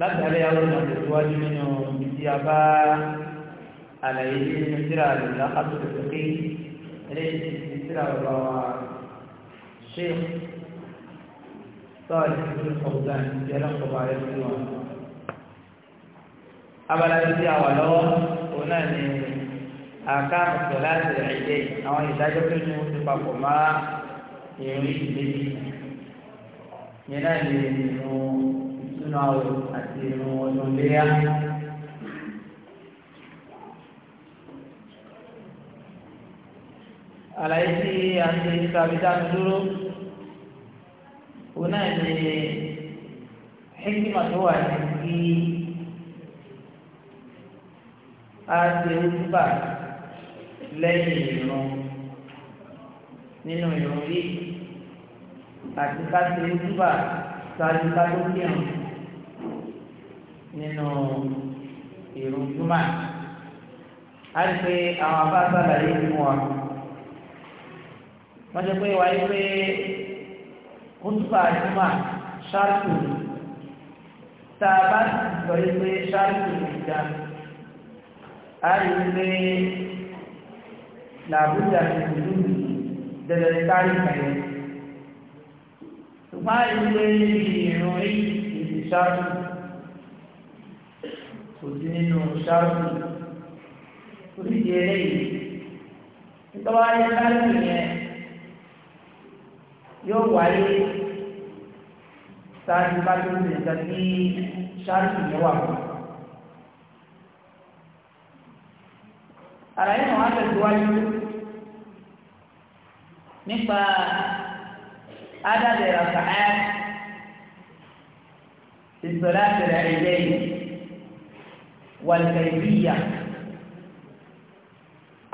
látàrí àwọn ìtẹ̀síwájú nínú ìdí abá àlàyé nínú síra àlùlá àtúntò pé eléyìí ti síra ọ̀rọ̀ wa ṣe sọ́ọ̀lì ìlú ọ̀gbọ́n ti ẹlọ́pọ̀pọ̀ rẹ̀ sí wọn. abala ti a wà lọ́wọ́ òun náà ni àká ọ̀sẹ̀ láti ẹ̀jẹ̀ àwọn ìdájọ́ tó ní oṣù papọ̀ mọ́ ìrìn ìlú méjì yẹn náà ni nínú àwẹ̀ àti irun ọdún léyà. àlàyé tí a ń ṣe nípa abidjan dúró òun náà ní hekima tó wà ní kí a ṣe wúbà lẹ́yìn irun nínú irun yìí àti ká ṣe wúbà ṣáájú ká tó kírun nínú ìrun júmọ̀ á rí pé àwọn afá sàlàyé fún wa wọ́n ti pé wáyé pé kútùbà júmọ̀ ṣáàtù tá a bá sọ yí pé ṣáàtù ìjà á rí pé làbújá ti dúdú dẹ̀dẹ̀ kárí kẹ̀yẹ ṣùgbọ́n ìwé ìrun yìí ìṣáàtù kò sí nínú ṣáàtù oríṣi eléyìí nítorí wáyé ṣáàtù yẹn yóò wáyé ṣáàtù bá tó ṣe nǹkan tí ṣáàtù yẹn wà fún. àlàyé wọn á tẹ̀síwájú nípa ádàbẹ̀rẹ̀ ọ̀sán ẹ̀ ìsọ̀lá àtẹ̀rẹ̀ ẹ̀jẹ̀ yìí wàlìkẹ̀lìbíyà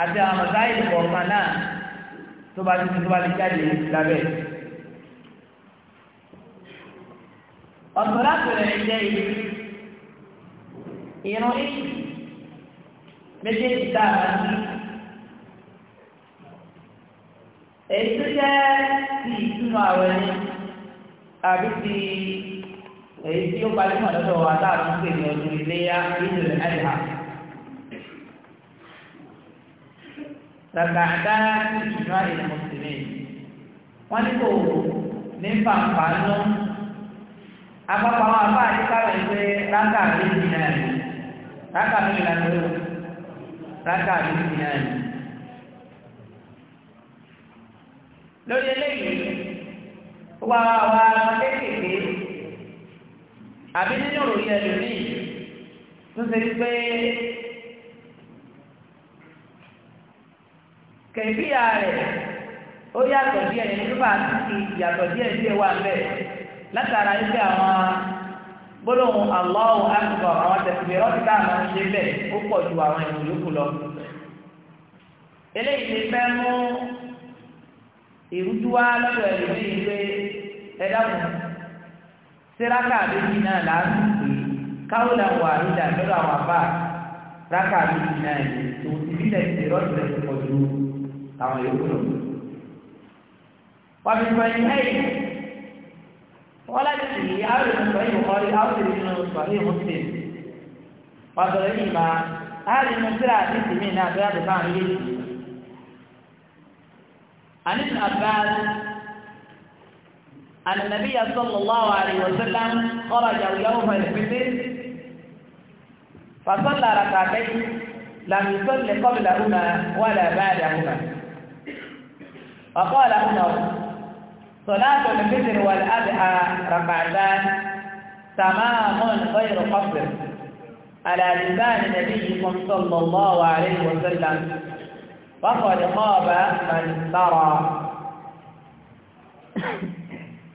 àti àwọn mọ̀sáì kọ̀ọ̀kan náà tó bá ti tó bá ti jáde lábẹ́. ọ̀tọ̀ látọ̀rẹ̀ jẹ́ ìrún ìsì méjèèjì tá a máa ní. èyí tó jẹ́ ti ìtúnu àwẹ̀ ni àbí ti èyí tí ó gbajúmọ̀ lọ́dọ̀ wa táà ń pè ní ọdún iléyá ìdùnnú ẹ̀dá. Ràkàtà ìjùmọ̀ ìlú Mùsùlùmí. Wọ́n ní kò ní fàǹfà nú. Apapọ̀ àwọn àbá àyíká rẹ̀ pé rákà méjì náà ni. Rákà méjì náà ni ó. Rákà méjì náà ni. Lórí eléyìí, ó wá wá àbí nínú ìròyìn ẹlòmíì tó ṣe pé kẹ̀kíyà rẹ̀ ó yàtọ̀ díẹ̀ nínú tó bá ti yàtọ̀ díẹ̀ díẹ̀ wà bẹ́ẹ̀ látara ẹgbẹ́ àwọn gbólóhùn Allahu Akbar àwọn tẹ̀síbẹ̀rọ̀ ti ká àwọn ṣe bẹ́ẹ̀ ó pọ̀ ju àwọn ènìyàn yòókù lọ. eléyìí ti fẹ́ mú ìrújú wá lọ́dọ̀ ẹ̀lòmíì pé ẹ dákun sẹ́ráka méjì náà láti pè káwọ́lá wà nígbà lọ́dọ̀ àwọn àbá ráka méjì náà yìí tó ti bí lẹ́sẹ̀ rọ́ọ̀tì rẹ̀ ti pọ̀ ju àwọn yòókù lọ. wà á fi sọ النبي صلى الله عليه وسلم خرج يوم الفتر فصلى ركعتين لم يصل قبلهما ولا بعدهما فقال عمر صلاة الفتر والأضحى ركعتان تمام غير قصر على لسان نبيكم صلى الله عليه وسلم فقد خاب من ترى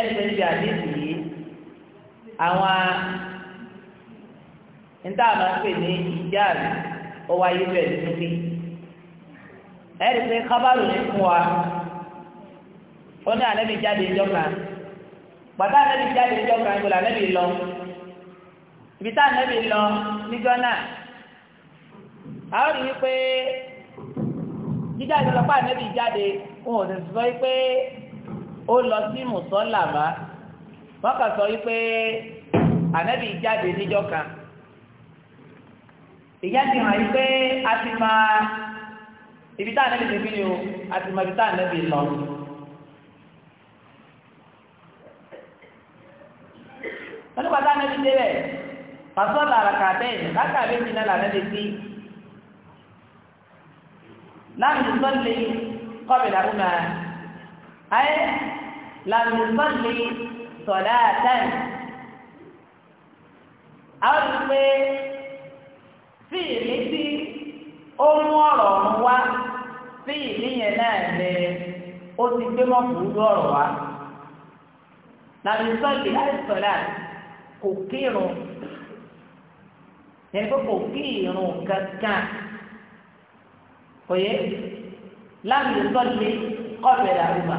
ẹgbẹ́ níbi àdéhùn yìí àwọn níta àmà pè ní ìjáàrí ọwọ́ ayé bẹ̀rẹ̀ níbi ẹ̀rí pé kábàlù ní fún wa ó ní ànẹ́bí jáde ìjọ kan bàtà ànẹ́bí jáde ìjọ kan ìgbòlá ànẹ́bí lọ ibi tá lọ náà a ó rí wípé jíjáde ó lọ sí mùsọ́làbá wọ́n kà sọ wípé ànábì jáde níjọ́ kan ìyá ti hàn yí pé a ti máa ibi tá ànábì ti fi ni o a ti máa ibi tá ànábì lọ. wọ́n nípa tá ànábì débẹ̀ pàṣọ́là àràkàtẹ́ lákàbí ti náà lànà lè sí láàrin ìsọ́lẹ̀ kọ́bìlà ọmọ أي لم يصلي صلاة أو fíìlì tí ó mú ọ̀rọ̀ ọ̀run wá fíìlì yẹn náà lẹ ó ti gbé mọ́kùnrin ọ̀rọ̀ wá làbísọ́ọ̀lì àìsọ̀lá kò kírun yẹn pé kò kírun kankan kò yẹ làbísọ́ọ̀lì kọ́bẹ̀rẹ̀ àrùbà.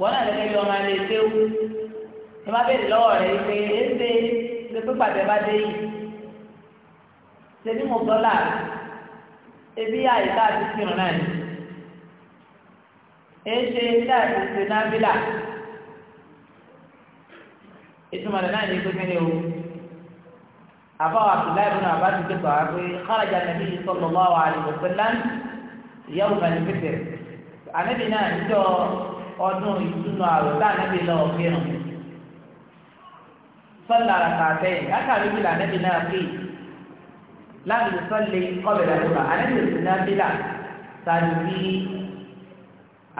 wọn náà lẹ́gbẹ́ bí ọmọ alẹ́ ṣéwú ẹ má bèèrè lọ́wọ́ rẹ̀ pé ése ṣe pé pàtẹ bá dé yìí ṣe bí mo dọ́là ebi àyíká àti kírun náà ni ése ṣe àti ṣe nábìlà ìtumọ̀ rẹ̀ náà ní pé kíni o àbáwọ̀ abdullahi bin abbas ti dẹ́kọ̀ á pé kharaja nàbí sallallahu alaihi wasallam yawm al-fitr ànábì náà níjọ́ ọdún ìtúnu àrò láàánẹ́bí náà fẹ́ràn sọ́lá àràkàtẹ́ látàrí bí làánẹ́bí náà fi láti sọ́lé kọ́bẹ̀rẹ̀ àdúrà àánẹ́bí òsì náà fi là sáájú bí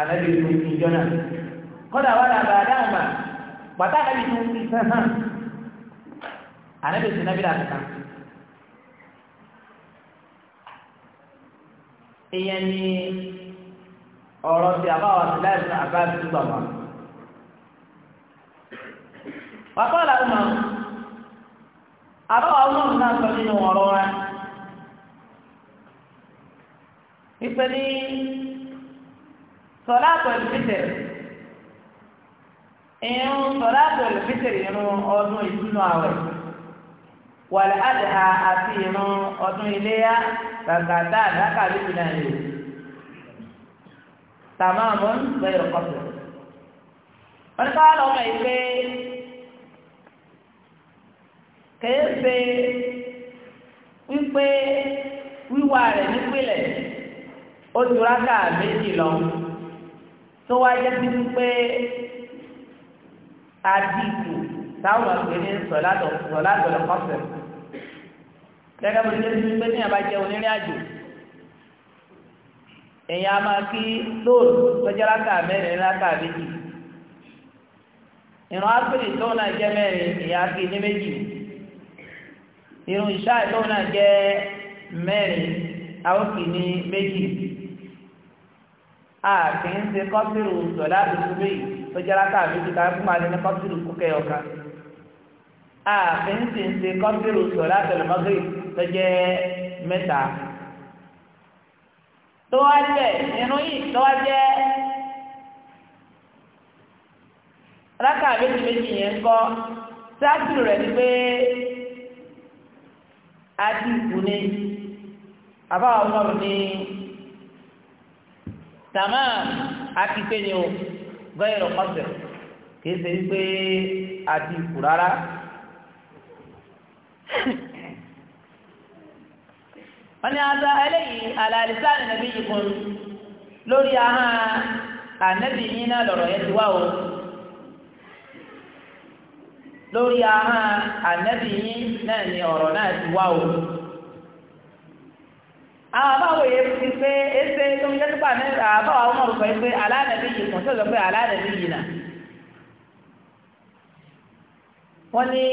àánẹ́bí òsì ìjọ náà kọ́dà wà lábà dáhùnmá pàtà àánẹ́bí tó ń fi sẹ́hàn àánẹ́bí òsì náà fi là nìkan. èèyàn ni ọ̀rọ̀ ti àbáwọ̀ sí láìsí àbá ti gbà wọn. Bàbá ọ̀la ọmọ àbáwọ̀ ọmọ náà sọ nínú ọ̀rọ̀ rẹ̀. Ìpè ní sọ̀lá pẹ̀lú Ìrún sọ̀lá pẹ̀lú ìrún ọdún àwẹ̀. àdìhà àti ìrún ọdún iléyà tàmáàmù bẹ́ẹ̀ rọ̀kọ̀tù. wọ́n ní káwọn ọmọ yìí pé kèé ṣe wípé wíwá rẹ̀ nípìnlẹ̀ ó ju rákà méjì lọ tó wá jẹ́ sí wípé àdìtù táwọn ọ̀gbìn ní sọ̀lá dọ̀lọ́kọ̀tù. gẹ́gẹ́ bí ó ṣe ń gbé ní àbájẹ́ onírìn àjò èyàn a máa kí lóòrù tọ́jọ́ rákà mẹ́rin rákà méjì ìrun ápìlì tóun náà jẹ́ mẹ́rin èyàn a kí ní méjì ìrun ìṣá tóun náà jẹ́ mẹ́rin àwọn kì ní méjì a kì ń ṣe kọ́sìrù sọ̀dá àdúgbò yìí tọ́jọ́ rákà méjì ká fún àti ní kọ́sìrù kókẹ́ ọ̀ka a kì ń ṣe kọ́sìrù sọ̀dá àtẹlẹmọ́gì tọ́jẹ́ mẹ́ta tó wá jẹ irun yìí tó wá jẹ rákà méjì méjì yẹn ń kọ́ sáàtìrì rẹ̀ ni pé adi ìkù ni àbáwọ̀ ọmọlù ni tàmá akípe ni o bẹ́ẹ̀ lọ pọ́sẹ̀ kì í ṣe wípé adi ìkù rárá. wọ́n ní ada eléyìí alàlìsáàlì nàbí yìí kún lórí ahọ́n ànábì yìí náà lọ̀rọ̀ yẹn ti wá o lórí ahọ́n ànábì yìí náà ni ọ̀rọ̀ náà ti wá o àwọn àbáwò yẹn ti pé ẹsẹ tó ń jẹ́ nípa àbáwò àwọn ọmọ rẹ̀ pé alánàbí yìí kún sọ̀rọ̀ pé alánàbí yìí náà wọ́n ní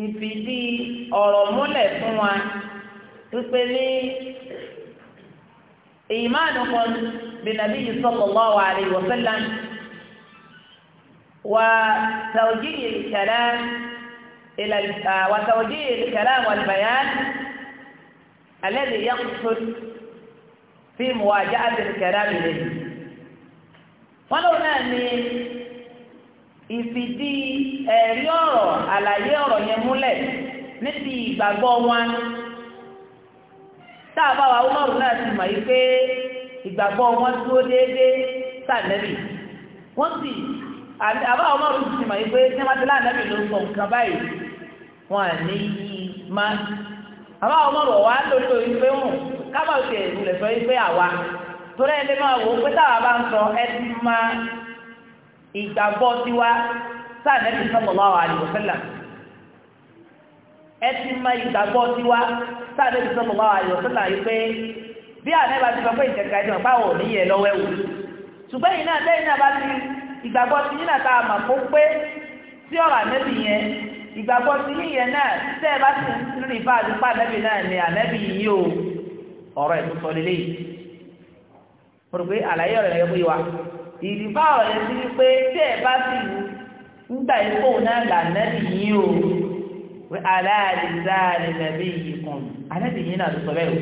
ìfìdí ọ̀rọ̀ múlẹ̀ fún wa wípé ní ìmánu kan bìnàbí yìí sallallahu alaihi wa sallam wa tawjihi al-kalam ila wa tawjihi al-kalam wal-bayan alladhi yaqsud fi muwajahati al-kalam ilayhi wọn lóun náà ní ìfìdí ẹ̀rí ọ̀rọ̀ àlàyé ọ̀rọ̀ yẹn múlẹ̀ ní ti ìgbàgbọ́ wọn tá a bá wa ọmọrùn náà ti mọ̀ yí pé ìgbàgbọ́ wọn dúró déédéé sànẹ́bì wọ́n sì àbá ọmọrùn ti mọ̀ yí pé ní wọ́n ti láàánẹ́bì ló ń sọ nǹkan báyìí wọ́n à ní yí má àbá ọmọrùn wa lórí yí pé hùn kábàáṣe ìrùlẹ̀ sọ yí pé àwa torí ẹni máa wò ó pé táwa bá ń sọ ẹ ti máa ìgbàgbọ́ tiwa sáà nẹ́bí sallallahu alaihi wasallam ẹ ti mọ ìgbàgbọ́ tiwa sáà nẹ́bí sallallahu alaihi wasallam yìí pé bí ànẹ́bà ti sọ pé ìjẹ̀ka lọ́wọ́ ẹ̀wò ṣùgbọ́n yìí náà lẹ́yìn náà bá ti ìgbàgbọ́ ti yín náà tá a mà kó pé sí ọ̀rọ̀ ànẹ́bì yẹn ìgbàgbọ́ ti yín yẹn náà tẹ́ ẹ ìdìbò àwọn lè ti wípé tí ẹ bá sì wù nígbà yìí fóun náà là nẹ́bì yín o pé aláàdìsá ni nàbí yìí kùn ànẹ́bì yín náà ló sọ bẹ́ẹ̀ o.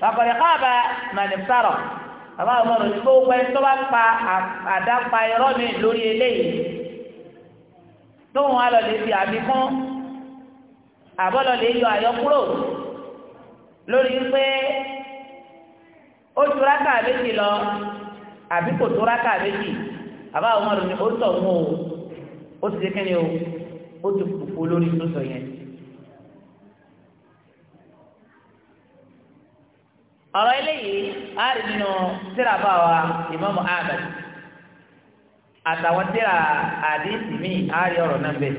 bàbá káàbà mànìfàrọ̀ bàbá ọmọdé ní gbogbo ẹni tó bá pa àdápa irọ́ mi lórí eléyìí tóun á lọ lè fi àmì kún àbọ̀lọ̀ lè yọ àyọkúrò lórí pé ó tura káàbéjì lọ àbí kò tó rákà méjì àbá àwọn ọmọdé ó tọ̀ mú o ó ti dékẹ́ni o ó ti kùkù lórí tó sọ yẹn. ọ̀rọ̀ eléyìí á rí nínú tíra bá wa ìmáàmù Ahmad àtàwọn tíra àdéhìsì míì á rí ọ̀rọ̀ náà bẹ́ẹ̀.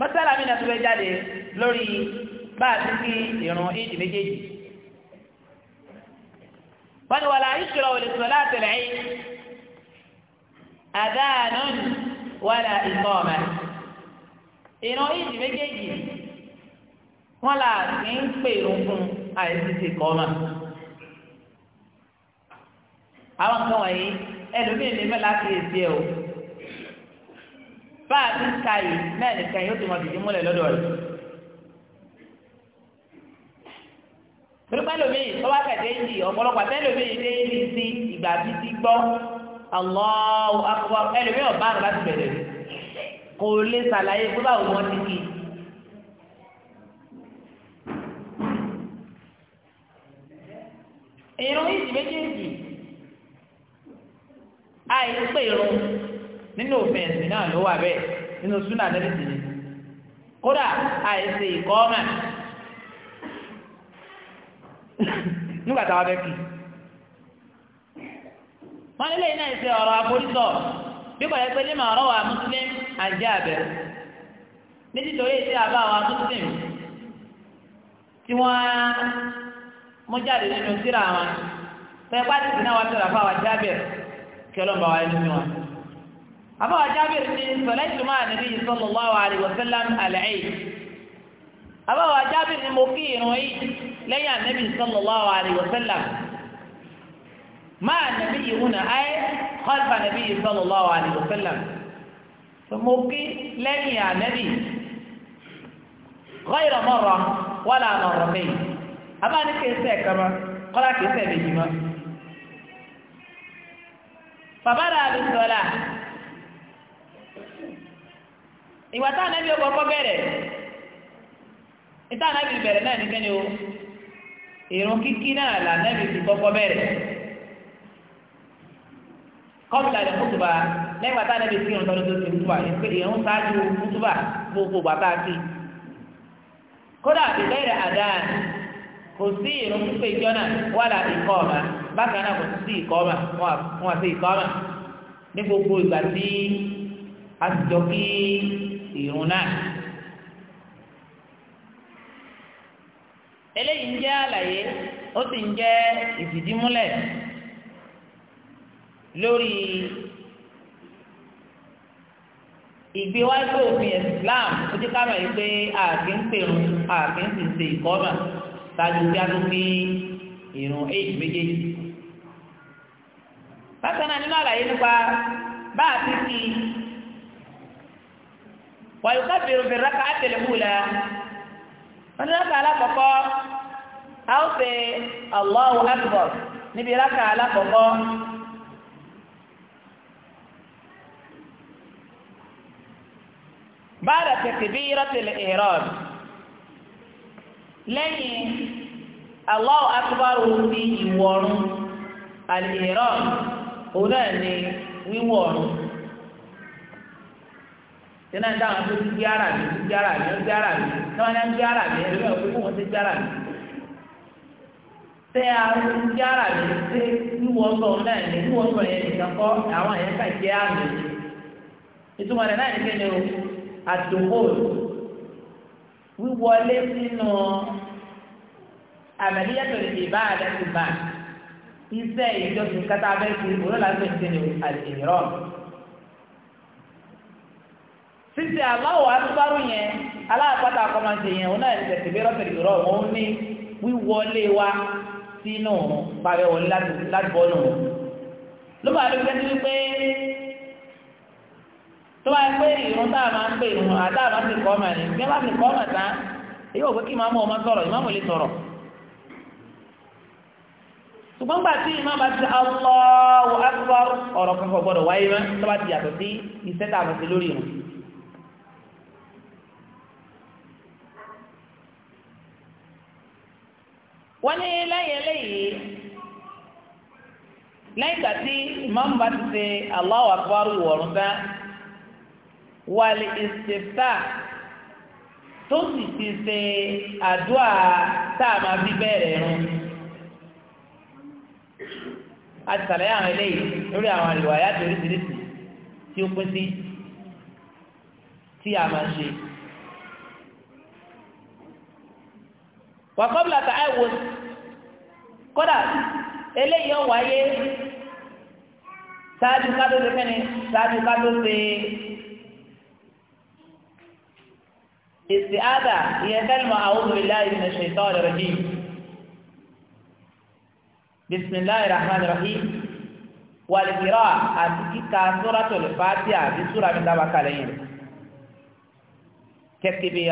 mọ́sálàmí náà tó fẹ́ jáde lórí bá a ti kí ìrun ìdí méjèèjì wọ́n ní wàlá ìṣòro òlè sọ̀rọ̀ látẹ̀lẹ̀ yìí àdáàánú wàlá ìkọ́ọ̀mà ìran ìdí méjèèjì wọ́n là ní ń pè lókun àìsí ti àwọn kan wọ̀nyí ẹlòmíì ní mẹ́la ti èsì ẹ̀ o bá ń ka yìí mẹ́rin kan yóò ti mọ̀ tìjú múlẹ̀ lọ́dọ̀ rẹ̀. torípé lómii ọba kẹtẹ yìí ọ̀pọ̀lọpọ̀ àti ẹlòmíì yìí sí ìgbà títí gbọ́ Allahu akbar ọba àrùn láti bẹ̀rẹ̀ kò lè ṣàlàyé fún báwo wọn ti irun yìí méjèèjì àìpé irun nínú òfin ẹ̀sìn náà ló wà bẹ́ẹ̀ nínú súnà nígbà táwa bẹ́ kì í. wọ́n nílé iná ìṣe ọ̀rọ̀ àforísọ bí kò yẹ pé ní màá rọ́wà mùsùlùm àjẹ́ àbẹ̀ nítorí ìṣe àbá àwọn mùsùlùm tí wọ́n mú jáde nínú síra wọn fẹ́ pàtì sí náà wá sọ̀rọ̀ àbá àwọn àjẹ́ àbẹ̀ kí ọlọ́mbà wáyé nínú wọn. àbá àwọn àjẹ́ àbẹ̀ ti sọ̀lá ìtumọ̀ àníbí sallallahu alaihi wasallam àlẹ́ àbá àwọn àjẹ́ àbẹ̀ ni mo kí ìrùn yìí lẹ́yìn anabi sallallahu alayhi wa sallam máa nàbí ìhùnà ayé khalfa nàbí sallallahu alayhi wa sallam mo kí lẹ́yìn anabi ghayra marra wala marratayn àbá ní kéésẹ̀ kama kọ́lá kéésẹ̀ méjì ma fàbára àbísọ́lá ìwà táwọn anabi ọkọ̀ bẹ̀rẹ̀ ìtàwọn anabi bẹ̀rẹ̀ náà nìkan ni o ìrun kíkí náà là nẹ́bí ti kọ́kọ́ bẹ̀rẹ̀ kọ́bùlà lè kútùbà lẹ́gbàá tá nẹ́bí sí ìrun tọ́lú tó ti kútùbà ìrun sáájú kútùbà gbogbo bàbá sí kódà ìbẹ̀rẹ̀ àdáà kò sí ìrun pípé ìjọ náà wà lá ìkọ́ ọ̀mà bákan náà kò sí ìkọ́ ọ̀mà wọn àti ìkọ́ ọ̀mà ní gbogbo ìgbà tí a ti jọ kí ìrun náà eléyìí ń jẹ́ àlàyé ó sì ń jẹ́ ìfìdímúlẹ̀ lórí ìgbéwájú òfin Islam ó ti ká mọ̀ yìí pé ààfin ń pèrún ààfin sì ń ṣe ìkọ́mà ṣáájú kí a tó fi ìrùn éèdì méjèèjì. bákan nínú àlàyé nípa bá a ti fi wàyíká bèrè bèrè rákà á tẹ̀lé kúlẹ̀ wọ́n ní rákà alákọ̀ọ́kọ́ a ó ṣe Allahu Akbar níbi rákà alákọ̀ọ́kọ́ bára takbiratul ihram lẹ́yìn Allahu Akbar ti ìwọ̀run al-ihram òun náà ni wíwọ̀run tẹ́lá ń dáhùn tó ti di ara mi ti di ara mi ti di ara mi táwọn ẹni di ara mi ẹ̀rọ ìwé kó wọ́n ti di ara mi. tẹ́ àwọn ti ara mi ṣe níwọ̀ọ́sọ̀ náà ní níwọ̀ọ́sọ̀ yẹn nìkan kọ́ àwọn yẹn kà jẹ́ àmì. ìtumọ̀ rẹ̀ náà ní kéde o àdókò wíwọlé sínú àmàlíyàtọ̀ lè bá àdá bá iṣẹ́ ìjọsìn kátà bẹ́ẹ̀ ti òun náà láti ṣe ní àdìrọ̀ sísè aláwọ̀ adúbárò yẹn aláàpáta akọ́mọ̀sẹ̀ yẹn òun náà ti tẹ̀sí bí rọ́pẹ̀lì rọ̀ òun ní wíwọlé wa sínú pàrẹ̀ wọlé láti bọ́ nù. ló máa ló gbẹ́sí wípé tó máa pé ìrún tá a máa ń pè ìrún àtá a máa ti kọ́ ọmọ rẹ̀ bí wọ́n bá ti kọ́ ọmọ tán èyí ò pé kí màmú ọmọ sọ̀rọ̀ ìmáàmù lè sọ̀rọ̀. ṣùgbọ́n gbà tí ìmáàmù bá ti Allahu Akbar ọ̀rọ̀ kankan gbọ́dọ̀ wáyé mọ́ tó bá ti yàtọ̀ sí iṣẹ́ tá a lórí ìrún. wọ́n ní lẹ́yìn eléyìí lẹ́yìn kàtí ìmáàmù bá ti ṣe Allahu Akbar wọ̀rùn tán wàlì ìsèptà tó sì ti ṣe àdúrà tá a máa fi bẹ̀rẹ̀ rún àti sàlẹ̀ àwọn eléyìí lórí àwọn àlùwàyà tó oríṣiríṣi tí ó pín sí tí a máa ṣe. wà kọ́bìlà tà áìwò kódà eléyìí ọ̀wọ́ ayé sáájú ká tó ṣe kẹ́ni sáájú ká tó ṣe èsì ádà ìyẹn kẹ́lìmọ̀ àwọn obìnrin láàyè ní ṣètò ọ̀rọ̀ yìí bisimilahi rahman rahim wàlìkìrọ̀ àti kíka suratul fatiha àti sura mi dábàá kalẹ̀ yìí kẹ́kẹ́ bí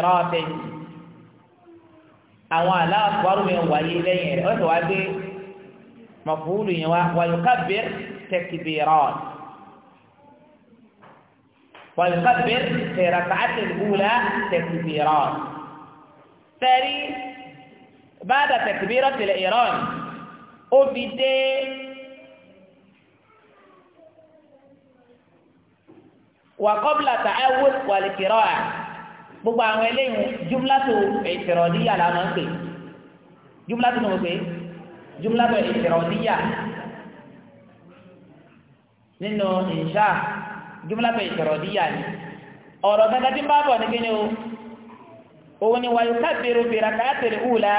àwọn aláàkọ́rù yẹn wáyé lẹ́yìn rẹ̀ ọ̀sẹ̀ wá dé mọ̀fúlù yẹn wá wàyùkábìr tẹkibìrán wàyùkábìr tẹ̀rẹ̀kàtì ìbúlá tẹkibìrán tẹ̀rí báda tẹkibìrán tẹ̀lẹ̀ ìrán ó fi dé wàkọ́bìlà tàáwùd wàlìkìrán gbogbo àwọn eléyìí jumlatu ìtìrọ̀díyà la máa ń pè jumlatu ní mo pè jumlatu ìtìrọ̀díyà nínú ìṣá jumlatu ìtìrọ̀díyà ni ọ̀rọ̀ gẹ́gẹ́ tí ń bá bọ̀ ní kíni o òun ni wàyí kábìrì bìrà káàtìrì ùlà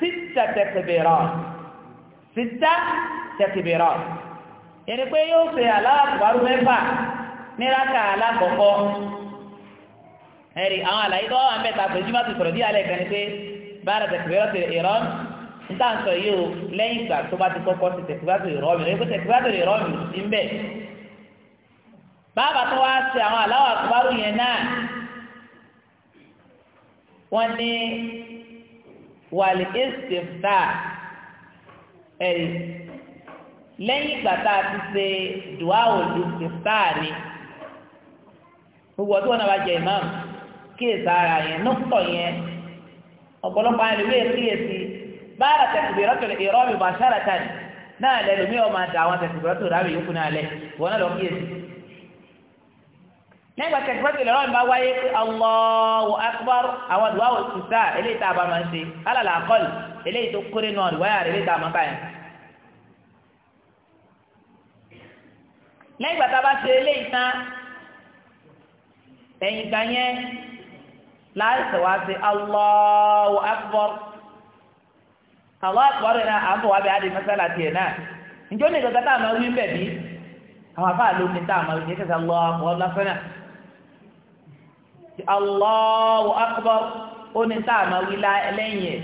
sísà tẹ̀sìbìrọ̀ sísà tẹ̀sìbìrọ̀ yẹn pé yóò ṣe aláàbùbárù mẹ́fà ní rákà alákọ̀ọ́kọ́ ẹ̀rì àwọn àlàyé tó wà mẹ́ta pèjúmọ́ ti sọ̀rọ̀ bí alẹ́ kan ní pé bára tẹ̀síwẹ́rọ̀ ti ìrọ́n ń tà ń sọ yìí o lẹ́yìn ìgbà tó bá ti kọ́kọ́ ti tẹ̀síwẹ́rọ̀ ìrọ́mì lórí pé tẹ̀síwẹ́rọ̀ ìrọ́mì sí ń bẹ̀. bàbá tó wá ṣe àwọn aláwọ̀ àkùbárù yẹn náà wọ́n ní wàlì ìsìnfà ẹ̀rì lẹ́yìn ìgbà tá a ti ṣe dùwà òlù ìsìnfà ni gbogbo ọdún kíyèsí ara yẹn nọ́pọ̀ yẹn ọ̀pọ̀lọpọ̀ ayẹyẹ lóye kíyèsí bára tẹ̀síbìrọ́tò ìrọ́bì bàṣára tán náà lẹ́nu mi ò máa dà àwọn tẹ̀síbìrọ́tò rábì yókù náà lẹ̀ wọ́n náà lọ kíyèsí. nígbà tẹ̀síbìrọ́tò ìrọ́bì bá wáyé pé Allahu akbar àwọn àdúrà wò sí sáà eléyìí tá a bá máa ń ṣe alàlà àkọlù eléyìí tó kórè náà wáyà yẹn láìsẹ̀ wá sí Allahu Akbar Allahu Akbar rẹ̀ náà àbọ̀ wá bẹ̀ adé mẹ́sàlá tiẹ̀ náà ǹjọ́ ní ìgbàgbọ́ tá a máa wí bẹ̀ bí àwọn afáà ló ní tá a máa wí kẹsẹ̀ Allahu Akbar lásán náà Allahu Akbar ó ní tá a máa wí lẹ́yìn ẹ̀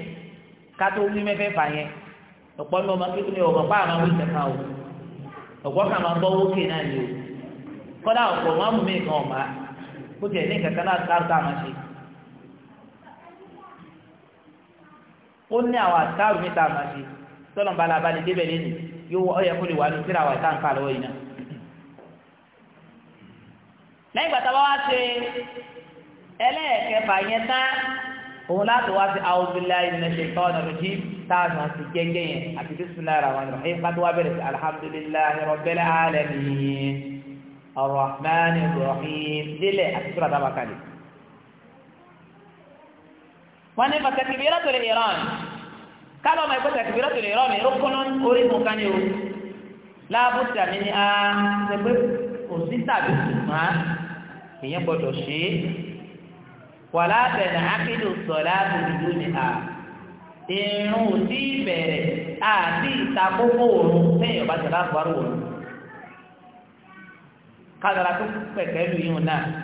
ká tó wí mẹ́fẹ́ fà yẹn ọ̀pọ̀ ní ọmọ kíkún ní ọmọ pa àwọn wí kẹta o ọ̀pọ̀ kà máa wókè náà ni o ọ̀pọ̀ wọn mú mi ó ní àwọn àtàrù níta àmàṣe tọ́lọ̀ balaba ní débẹ̀ lẹ́nu yóò ọyẹ kó lè wà ní síra àwọn àtàǹkà lọ́wọ́ yìí náà. lẹ́yìn ìgbà táwa wá ṣe ẹlẹ́ẹ̀kẹfà yẹn tán òun láti wá sí àwòbílà ìrìnàṣẹ ìtọ́nà lójú táàmù àti gẹ́gẹ́ yẹn àti wọn tó wá bẹ̀rẹ̀ sí alihamudulilayi wọ́n ní pàtàkìbíyà tó lè iran kálọ̀ máa ń pẹ́ tàkìbíyà tó lè iran mi rúkúnú orí mu kan ní o láàbùsì àmì ni a ṣe pé o sí tàbí ṣùgbọ́n èèyàn gbọ́dọ̀ ṣe é wàlá bẹ̀rẹ̀ ákílù sọ̀lá tòlùdú ni a irun ò tí ì bẹ̀rẹ̀ àti ìtakókò òrùn téèyàn bá tẹ̀lé àgbárò òrùn kádàrà tó pẹ̀kẹ́ lu yìí náà.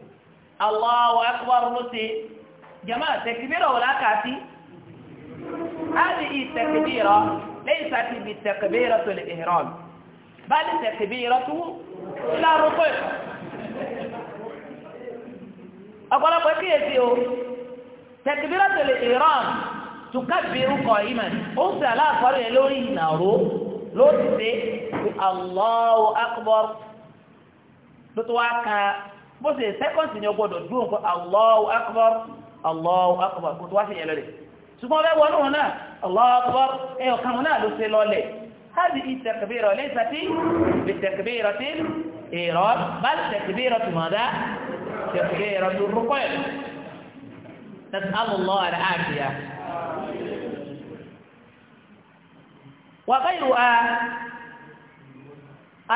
الله أكبر نسي جماعة تكبيرة ولا كافي هذه التكبيرة ليست بالتكبيرة الإهرام بل تكبيرة لا رفض أقول لك يسيو تكبيرة الإهرام تكبر قائما أنت لا فرق لوري نارو لو الله أكبر بتوعك bó ṣe sẹ́kọ̀ǹsì ni ọgbọ́dọ̀ dúró nǹkan Allahu akbar Allahu akbar kò tó wá sí yẹn lọ́lẹ̀ ṣùgbọ́n bẹ́ẹ̀ wọ́n náà Allahu akbar ẹ̀yọ̀ kan náà ló ṣe lọ́lẹ̀ هذه التكبيرة ليست بتكبيرة الإيراد بل تكبيرة ماذا؟ تكبيرة الركوع نسأل الله العافية وغيرها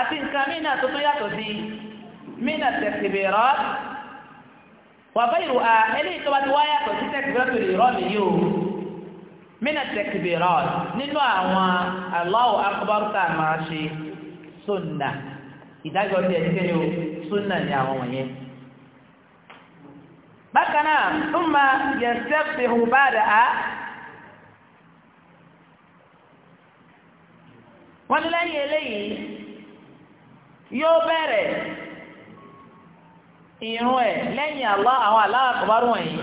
أتنك منها تطيات ذي mina tẹ̀sibirọ́ wàbá ìrù a eléyìí tó bá ti wáyà tó ti tẹ̀sibirọ́ tó lè rọ́ nìyí o mina tẹ̀sibirọ́ nínú àwọn Allahu akbar tá a máa ṣe sunna ìdájọ́ tí ẹ ti kéde o sunna ni àwọn wọ̀nyẹn. bákan náà túmọ̀ yẹn sẹ́ẹ̀sì hù bá dà á. wọ́n ní lẹ́yìn eléyìí yóò bẹ̀rẹ̀ ìrún ẹ̀ lẹ́yìn àwọn aláàkọ̀bárù wọ̀nyí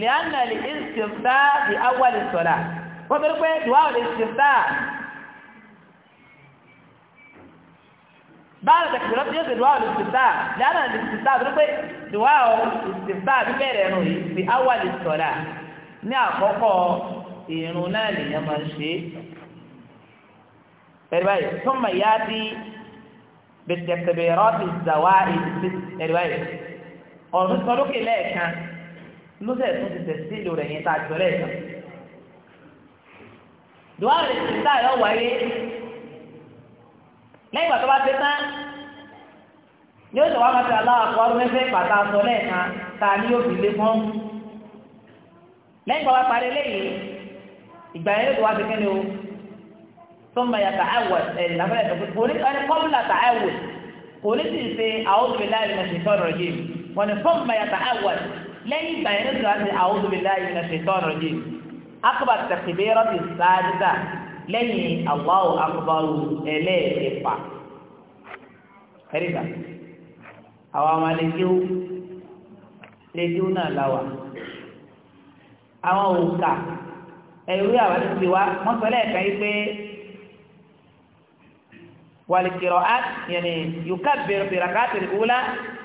lẹ́yìn àlè ìsìnkà di awàlì sọ̀lá wọ́n tó pé dùwà òlè ìsìnkà báyìí tẹ̀kìtì lọ́pọ̀ yóò ṣe dùwà òlè ìsìnkà lẹ́yìn àlè ìsìnkà tó pé dùwà ìsìnkà bí bẹ̀rẹ̀ ẹ̀rùn di awàlì sọ̀lá ní àkọ́kọ́ ìrún náà lèyàn máa ṣe bẹ̀tẹ̀kẹ̀bẹ̀rọ́tì zawaì ẹ̀rìwáyé ọ̀rọ̀ sọ lókè lẹ́ẹ̀kan lóṣẹ̀ tó ti tẹ̀ sí ìlú rẹ̀ yẹn tá a jọ lẹ́ẹ̀kan. dùwárì ti tá yọ wáyé lẹ́yìn ìgbà tó bá ti tán yóò sọ wá máa ti aláwọ̀ ọdún mẹ́fẹ́ pàtà sọ lẹ́ẹ̀kan tá a ní yóò fi lé fún. lẹ́yìn ìgbà wá parí eléyìí ìgbà yẹn yóò wá ti kẹ́ni o ثم يتعود لما يقول أنا قبل تعود قلت في أعوذ بالله من الشيطان الرجيم وأنا ثم يتعود لن بينت أعوذ بالله من الشيطان الرجيم أكبر تكبيرة السادسة لن الله أكبر إليه إفا خريبا أو ما لجيو لجيونا لوا أو كا ẹ̀rú àwọn ti wá wọ́n sọ lẹ́ẹ̀kan yìí pé والقراءات يعني يكبر في ركعته الأولى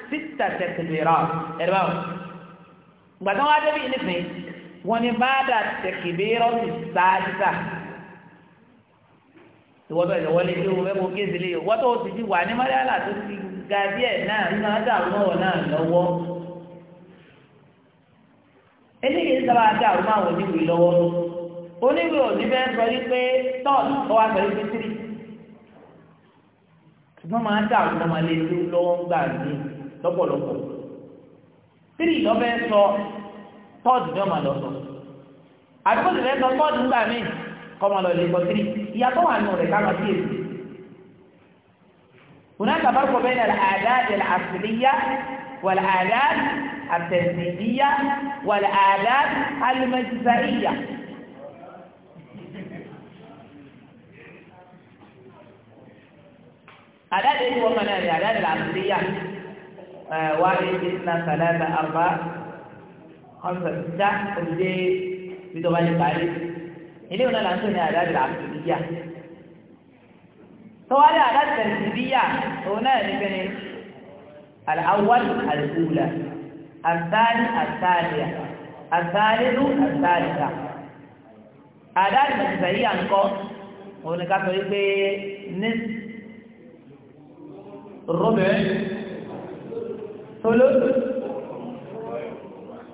ست تكبيرات إربعة بعد ما هذا بينفني ونبعد التكبيرة السادسة wọ́n bẹ̀rẹ̀ wọlé tí wọ́n bẹ́ẹ̀ mú kéésì lé wọ́n tó ti di wà ní mọ́lẹ́lá tó ti ga díẹ̀ náà nínú adáàrúmọ̀wọ̀ náà lọ́wọ́ eléyìí sábà adáàrúmọ̀wọ̀ níwèé lọ́wọ́ oníwèé òní bẹ́ẹ̀ sọ wípé tọ́ọ̀tù ọwọ́ àgbẹ̀rẹ̀ fún tírì ṣùgbọ́n máa dá àwọn ọmọ ilé tó lọ́wọ́ ń gbà ní lọ́pọ̀lọpọ̀ tírì lọ́fẹ́ sọ tọ́ọ̀dù ní ọmọ lọ́sọ̀ àdúgbò tẹ̀lé sọ tọ́ọ̀dù ńgbà mí kọ́ ọmọ lọ́ọ̀lẹ́ kọ́ tírì ìyàtọ̀ wà nù rẹ̀ ká sí èsì هناك فرق بين العادات العصرية والعادات التنزيلية والعادات المجزئية àdáde tí wọ́n mọ̀ náà ni àdáde làásìyà wá ní ìdílé sàlẹ́sà àrùbá ọ̀sẹ̀ já òdìdé bìtọ́ba ní parí ilé ìwọ̀n náà làásìyà ni àdáde làásìyà tọ́wádé àdáde tẹ̀síbíyà òun náà ní bẹ́ni الأول الأولى الثاني الثانية الثالث الثالثة àdáde tẹ̀síbíyà ńkọ́ òun ni ká sọ wípé nísì ربع ثلث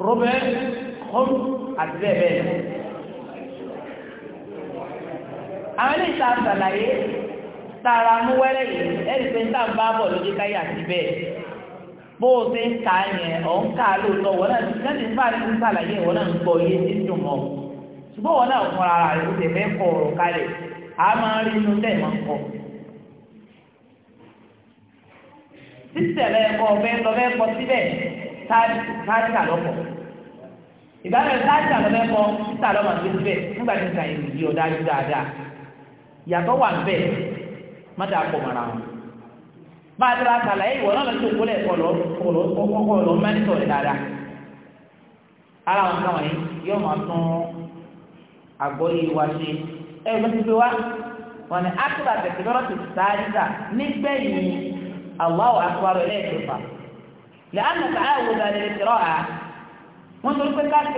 ربع خمس عزيزي àwọn ìta àṣàlàyé tààrà mú wẹ́rẹ́ yìí ẹ̀rì pé tá ń bá bọ̀ lójú káyà sí bẹ́ẹ̀ bó o ṣe ń kà á yẹn ọ̀ ń kà lóòótọ́ wọ́n náà ti láti bá ní ṣàlàyé wọ́n náà ń gbọ́ iye tí dùn mọ́ ṣùgbọ́n wọ́n náà fún ara rẹ̀ ti fẹ́ kọ̀ ọ̀rọ̀ kalẹ̀ a máa rí inú tẹ̀ máa ń kọ̀ sísẹ̀lẹ̀ ẹ̀kọ́ ọ̀fẹ́ lọ́fẹ́ kọ síbẹ̀ táàtà lọ́pọ̀ ìbára táàtà lọ́fẹ́ kọ sísà lọ́mọ sí síbẹ̀ nígbà tí nǹkan ìrìn yìí ọ̀dájú dáadáa yàtọ̀ wà bẹ́ẹ̀ má dáa pọ̀ mọ́ra wọn. bá a dára kàlàyé ìwọ náà lọ́sọ̀ ìkólẹ̀ ọ̀kọ̀ lọ́ mẹ́tọ̀ rẹ̀ dáadáa. ara wọn káwọn yìí yóò máa tún àgbọ́yé wa ṣe ẹ̀ lọ́sibí wa wọn ni akíla tẹ̀síwọ́rọ̀ ti sáájú nígbẹ̀yìn الله أكبر إليه كفا لأن تعاود للقراءة منذ الكتاب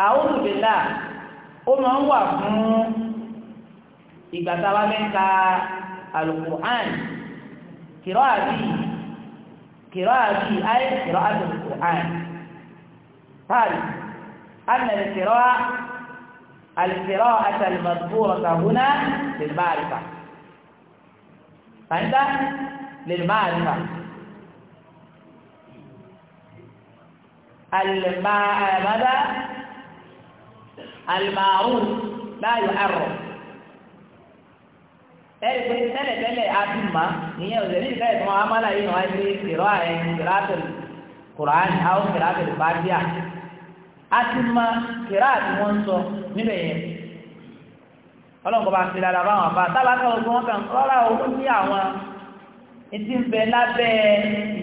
أعوذ بالله وما هو ìgbà tá a bá fẹ́ ka alukur'an kìrọ́àbí kìrọ́àbí ayé kìrọ́àbí alukur'an fàlì anna kìrọ́à alkìrọ́à àtàlùmọ̀tò rọ̀tàhúnà lè bá àlùfà fàyídá lè máa rí ma alìmọ́dá alìmọ́rún láàyò àrọ̀ ẹ̀rì pé tẹ́lẹ̀tẹ́lẹ̀ àbúmá ìyẹn òṣèlú ìfẹ́ ìfún àmàlà yìí wọ́n ti ìrọ̀ àyẹn ìrátẹ̀lẹ̀ kùrán àwọn ìrátẹ̀lẹ̀ bá díà a ti wọ́n sọ níbẹ̀ yẹn ọlọ́nkọ́ bá fi lára báwọn bá tábàkà ogun wọn kàn rọ́rà owó sí àwọn etí ń bẹ lábẹ́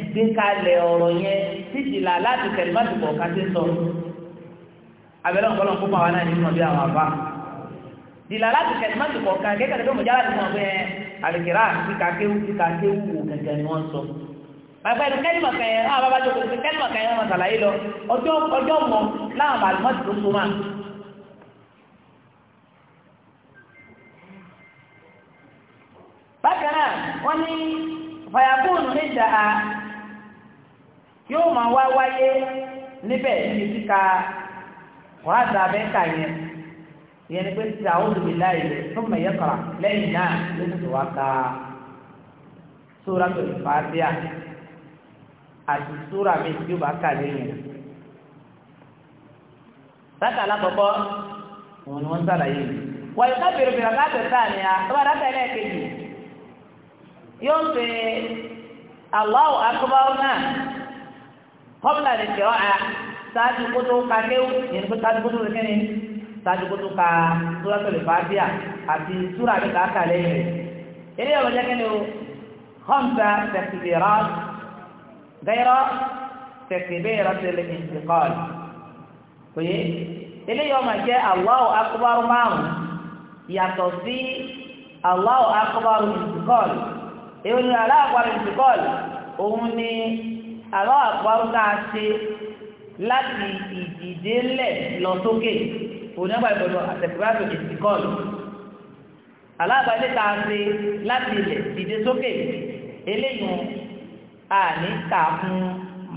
ìgbékalẹ̀ ọ̀rọ̀ yẹn títìlà láti tẹ̀lé má ti bọ̀ ká ti sọ abẹ́rẹ́ ọ̀pọ̀ lọ́nkọ́ pàwọn náà nínú ọ̀bí àwọn àbá ìlà láti tẹ̀lé má ti bọ̀ ká kékeré tó mọ̀ jáde mọ̀ bẹ́ẹ̀ àlùkìrá kíkà kéwù kíkà kéwù wò kẹ̀kẹ́ ni wọ́n sọ bàbá ẹni kẹ́lìmọ̀ kẹ́yẹ náà bàbá jókòó kẹ́lìmọ̀ kẹ́yẹ náà mọ̀ sàlàyé lọ ọjọ́ mọ̀ láwọn bàlùmọ́tì tó so máa bákan náà wọ́n ní fàyàkùnù ní ìjà ha yóò máa wá wáyé níbẹ̀ ní kíka wàá dà bẹ́ẹ̀ kà yẹn ìyẹn ni pé ti àwọn olùdílá yìí fún mẹ̀yẹ́kọ̀rọ̀ lẹ́yìn náà ló ti wá ka sóra tó ìfà bíà àti sóra mi tí ó bá kà lẹ́yìn rákà alákọ̀ọ́kọ́ òun ni wọ́n sàlàyé wàyíká bèrè bèrè rákà tẹ̀ ni a tó bá rákà ẹlẹ́ẹ̀kejì yóò ṣe Allahu akbar náà kọ́bùlà lè jọ à ṣáájú kó tó ka kéwù yẹn kó ṣáájú kó tó kéwù ṣáájú kó tó ka suratul Fatiha àti súrà àti kàákà lẹ́yìn rẹ̀ eré ọ̀rọ̀ jẹ́ kẹ́lẹ́ o khamsa takbirat ghayra takbiratil intiqal òye eléyìí ọmọ jẹ́ Allahu akbar márùn-ún yàtọ̀ sí Allahu akbar intiqal èwo ni aláàpárò ìsìkọ́l òun ni aláàpárò tá a ṣe láti ìdìdélẹ̀ lọ sókè òun nígbà ìbọ̀dọ̀ àtẹ̀kùrátò ìsìkọ́l aláàpárò tá a ṣe láti ilẹ̀ dìde sókè eléyìí a ní kà fún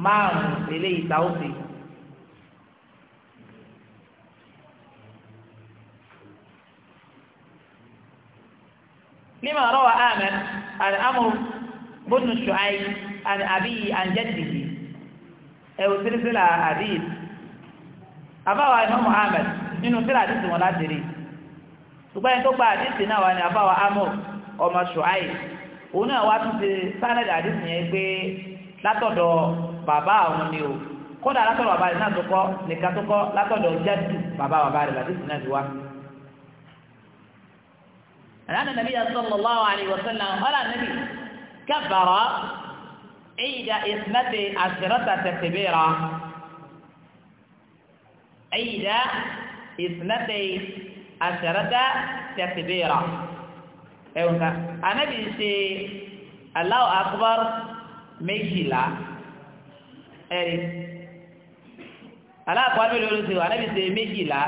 márùn-ún eléyìí tá ó fi. لما روى آمن al-amru bónú ṣùáyí àbí àǹjẹ́dìdì ẹ̀wù sírísílà àbí àbáwá imam muhammad nínú sílà àdìsí wọn láti rí ṣùgbọ́n ẹni tó gba àdìsí náà wà ní àbáwá amur ọmọ ṣùáyí òun náà wá tún ti sánẹ̀dì àdìsí yẹn pé látọ̀dọ̀ bàbá àwọn ni o kódà látọ̀dọ̀ bàbá rẹ̀ náà tó kọ́ nìkan tó kọ́ látọ̀dọ̀ jẹ́dù bàbá bàbá rẹ̀ àdìsí náà ti wá أن النبي صلى الله عليه وسلم قال النبي كبر عيد إثمة عشرة كبيرة عيد إثمة عشرة كبيرة أيوة أنا بيسي الله أكبر ميشيلا أري الله بيسي ميشيلا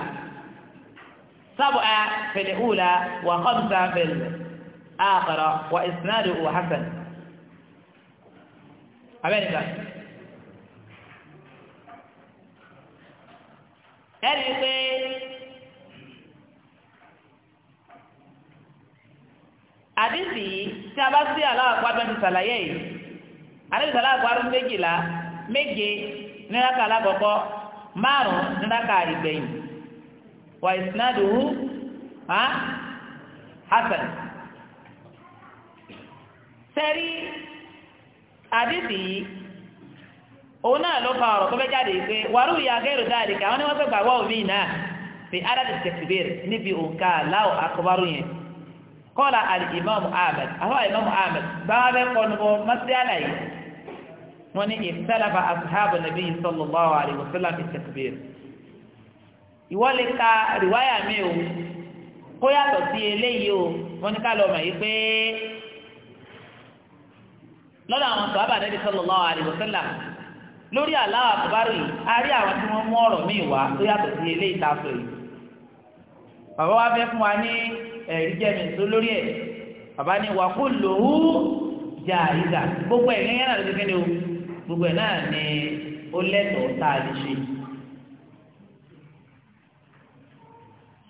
سبعة في الأولى وخمسة في الآخرة وإسناده حسن أبين الله أريد àdìsí tí a bá sí aláàpáàdùn ti sàlàyé yìí àdìsí aláàpáàdùn méjìlá méje níraka alákọ̀ọ́kọ́ márùn-ún níraka ìgbẹ̀yìn wa isnaduhu ha hasan sẹ́rí àdìsí yìí òun náà ló fa ọ̀rọ̀ tó fẹ́ jáde pé wàrú ìyá gẹ́rù dáadé kí àwọn ni wọ́n fẹ́ gbàgbọ́ òmí náà fi adadi tẹ̀síbẹ̀rẹ̀ níbi òǹkà láwọ̀ akọbárù yẹn kọ́lá alìmọ́mù ahmed àwọn alìmọ́mù ahmed bá wà bẹ́ kọ́ níbo mọ́síálà yìí wọ́n ní ìfẹ́lábà asuhabu nàbí sallallahu alaihi wasallam fi tẹ̀síbẹ̀rẹ̀ ìwọ lè ka rìwáyà mi o kó yàtọ̀ sí eléyìí o wọ́n ní ká lọ yìí pé lọ́dọ̀ àwọn sọ̀hábà Ànábì sallallahu alaihi wasallam lórí Allahu akbar yìí a rí àwọn tí wọ́n mú ọ̀rọ̀ mi wá tó yàtọ̀ sí eléyìí tá a sọ yìí bàbá wa fẹ́ fún wa ní ẹ̀rí jẹ́mi tó lórí ẹ̀ bàbá ní wà kó lòó jà ìgbà gbogbo ẹ̀ gẹ́gẹ́ náà ló ti kéde o gbogbo ẹ̀ náà ni ó lẹ́tọ̀ọ́ tá a lè ṣe yìí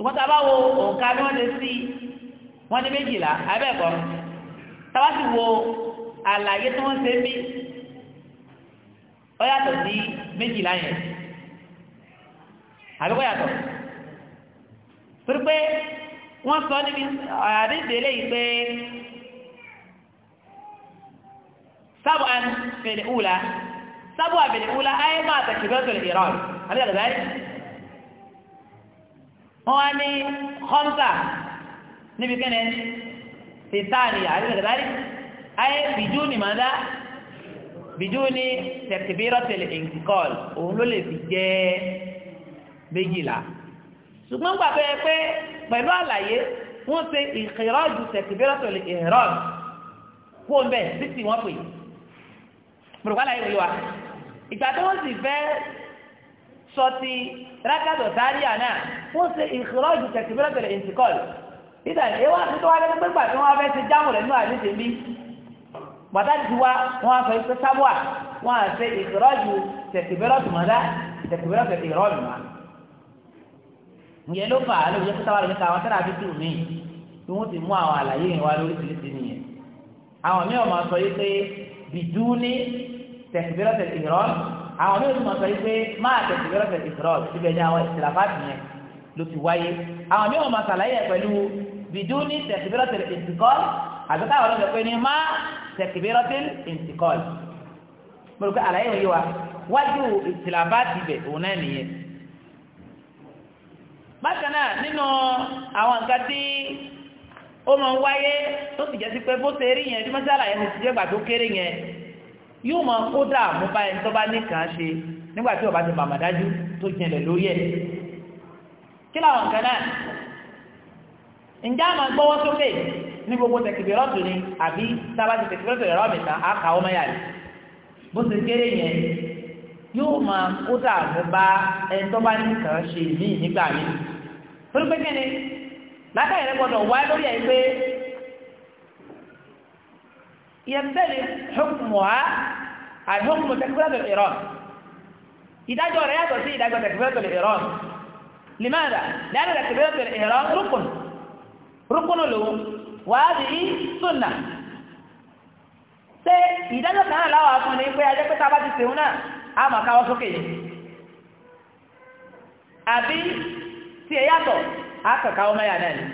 ṣùgbọ́n tá a bá wo òǹkà bí wọ́n ti sí wọ́n ní méjìlá abẹ́ẹ̀kọ́ tá a bá sì wo àlàyé tí wọ́n ṣe bí ó yàtọ̀ sí méjìlá yẹn àbíkọ́ yàtọ̀ torí pé wọ́n sọ níbi àdéhùn eléyìí pé sábà fèlè ùlà sábà fèlè ùlà ayé máa tẹ̀síwájú lè rọrùn àbí àgbà yìí wọ́n wá ní khamsa níbi kẹ́ni fìtàní àríwẹ̀dàbárí ayé bìjú ni màdá bìjú ni tẹ̀kìbírọ̀tẹ̀lẹ̀ ìǹkọ́l òun ló lè fi jẹ́ méjìlá ṣùgbọ́n gbà bẹ́ẹ̀ pé pẹ̀lú àlàyé wọ́n ṣe ìkìrọ́jù tẹ̀kìbírọ̀tẹ̀lẹ̀ ìhẹ̀rọ̀m kó ń bẹ̀ títí wọ́n pè mùrùkálà yìí wọlé wa ìgbà tó wọ́n sì fẹ́ sọtí rákàtọ̀ sáríà náà wọ́n ṣe ìkìrọ́jù tẹ̀síbẹ́rẹ́bẹ̀rẹ̀ ìntìkọ́l ìdá ìwà àti tó wá lẹ́nu pẹ́gbà tí wọ́n fẹ́ ṣe jámù rẹ̀ ní àdíṣe bí pàtàkì ti wá wọ́n sọ ìpẹ́ sábúà wọ́n á ṣe ìkìrọ́jù tẹ̀síbẹ́rẹ́bẹ̀rẹ̀ àwọn mí ọmọ sọ yí pé bìdú ní tẹ̀síbẹ́rẹ́bẹ̀rẹ̀ ìrọ́lùmọ̀ àwọn mẹ́rin mọ̀ sọ yìí pé máa tẹ̀sí yọ̀rọ̀ tẹ̀sí sọ̀rọ̀ síbẹ̀ ní àwọn ìsìlàfáàtì yẹn ló ti wáyé àwọn mẹ́rin mọ̀ sàlàyé ẹ̀ pẹ̀lú bidúni tẹ̀síbírọ̀tì ìntìkọ́l àti táwọn ọlọ́dọ̀ pé ní má tẹ̀síbírọ̀tì ìntìkọ́l mo rò pé àlàyé òye wa wájú ìsìlàfáàtì bẹ̀ òun náà nìyẹn bákan náà nínú àwọn nǹkan tí ó máa ń wáyé tó sì jẹ́ sí pé bó ṣe rí yẹn yóò máa kó dààmú bá ẹni tó bá nìkan ṣe nígbà tí ọba ti bàmà dájú tó jẹlẹ̀ lórí ẹ̀ kí làwọn kan náà ǹjẹ́ àmà gbọ́wọ́ sókè ní gbogbo tẹ̀kìbìrọ́tù ni àbí sábà ti tẹ̀kìbìrọ́tù ẹ̀rọ mìta àkà ọmọ yàrá bó ti kéré yẹn yóò máa kó dààmú bá ẹni tó bá nìkan ṣe mí nígbà mi torí pé kí ni látàrí rẹ gbọdọ̀ wáyé lórí ẹ̀ pé يمتلك حكمها أي حكم تكفيرة الإيران إداجة رياضة سي إداجة تكفيرة الإيران لماذا؟ لأن تكفيرة الإيران ركن ركن له وهذه سنة ṣé ìdájọ́ kan náà láwọn afún ní pé ajẹ́ pé tábà ti tèun náà a máa káwọ́ sókè yìí àbí tí ẹ yàtọ̀ a kàkà ọmọ yà náà ni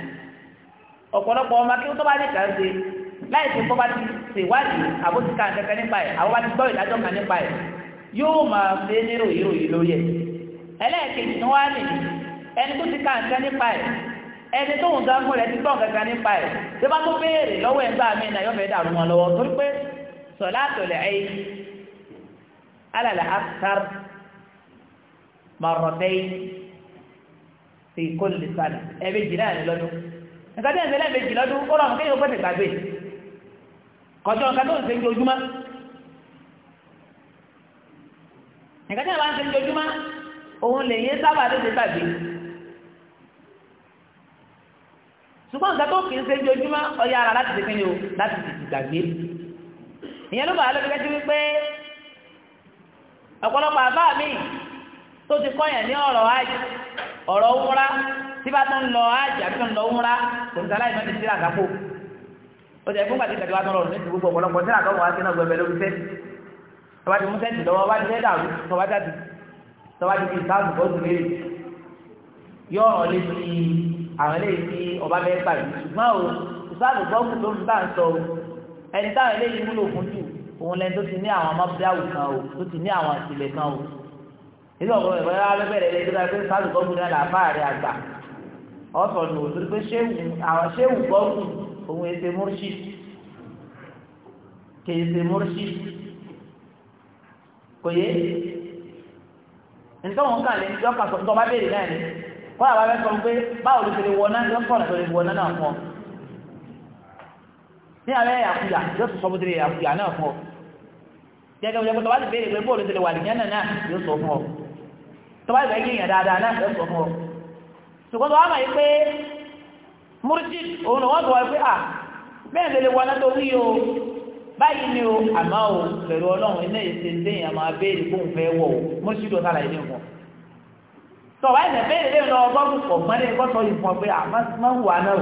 ọ̀pọ̀lọpọ̀ ọmọ kí ó tó bá ní kàá ṣe láì sí tó bá ti ṣèwádìí àbótíkà kẹ́kẹ́ nípa ẹ̀ àwọn bá ti gbọ́ ìdájọ́ kan nípa ẹ̀ yóò máa ṣe ní ròyìn ròyìn lórí ẹ̀ ẹlẹ́ẹ̀kejì tó wá nì ẹni tó ti ka nǹkan nípa ẹ̀ ẹni tó ń gan fún rẹ̀ ti gbọ́ nǹkan nípa ẹ̀ tó bá tó béèrè lọ́wọ́ ẹ̀ ń bá mi náà yọ̀fẹ́ dàrú wọn lọ́wọ́ torí pé sọ̀lá àtọ̀lẹ̀ ẹ̀ alàlẹ̀ aftar marọ̀dẹ́yìn fi kó lè sálà ẹ̀ẹ́dẹ́jì náà lọ́dún nǹkan tó ń kọjọ́ nǹkan tó ń ṣe ń jojúmọ́ nǹkan tí wọ́n bá ń ṣe ń jojúmọ́ òun lè yé sábà tètè tàbí ṣùgbọ́n nǹkan tó kìí ṣe ń jojúmọ́ ọya ara láti tètè o láti tètè gbàgbé ìyẹn ló bàa lóbi kẹ́sí wípé ọ̀pọ̀lọpọ̀ àbá mi tó ti kọ́yàn ní ọ̀rọ̀ àjì ọ̀rọ̀ òwúra tí bá tó ń lọ àjì àbí tó ń lọ òwúra kò ní sáláì mọ́ ti sí àkàkọ́ ó ti ẹ̀fún gbàdí kẹ̀kẹ́ wá tọrọ ní ti gbogbo ọ̀pọ̀lọpọ̀ tí àtọ́wọ̀ wá sí náà gbẹ̀bẹ̀ lórí sẹ́ẹ̀tì tọba ti mú sẹ́ẹ̀tì lọ́wọ́ wá ti fẹ́ dàrú tọba jáde tọba ti fi ìsáàbù bọ́ sí léèrè yọ ọ̀rọ̀ lé sí àwọn eléyìí tí ọba bẹ́ẹ̀ gbà yìí ṣùgbọ́n o ìsáàbù bọ́ kù tó ń bá ń sọ o ẹni táwọn eléyìí wúlò fún jù òun lẹni tó ti ní àwọn mọ́bíláwù kan o tó ti ní àwọn àtìlẹ̀ kan o nínú ọ̀pọ̀ ẹ̀fọ́ yára lẹ́bẹ̀rẹ̀ lẹ́yìn tó dáa pé ìsáàbù bọ́ kù náà làbá rẹ̀ àgbà ọ̀sọ̀ nù òtútù pé ṣéwù bọ́ kù òun èsè murshid kì í ṣe murshid kò yé nítorí wọn kàn lé ní ọkàn sọ tọba béèrè náà ni kọ́ àwọn abẹ́ sọ pé báwo ló ṣe lè wọ náà lọ́kọ̀ ọ̀nà tó lè wọ náà náà fún ọ ní abẹ́ àkúyà yóò sọ bó ti lè àkúyà náà fún ọ gẹ́gẹ́ bí ọkọ̀ ti béèrè pé bóòlù ti lè wà nìyẹn náà yóò sọ fún ọ tọba ìgbà yíyan dáadáa náà yóò sọ fún ọ ṣùgbọ́n tó wá mọ̀ yí pé murjid òun náà wọ́n tó wá pé à ah, bẹ́ẹ̀ lè lè wọ́n náà tó wí o báyìí ni o àmọ́ o pẹ̀lú ọlọ́run iná èsè lẹ́yìn àmọ́ abéèrè kó ń fẹ́ wọ̀ o murjid ò sára ilé nǹkan tọ́ wáyé lè béèrè lẹ́yìn náà ọgbọ́n kò mọ́ lé kọ́sọ́ yìí fún ọ pé àmọ́ ah, máa ń wà náà o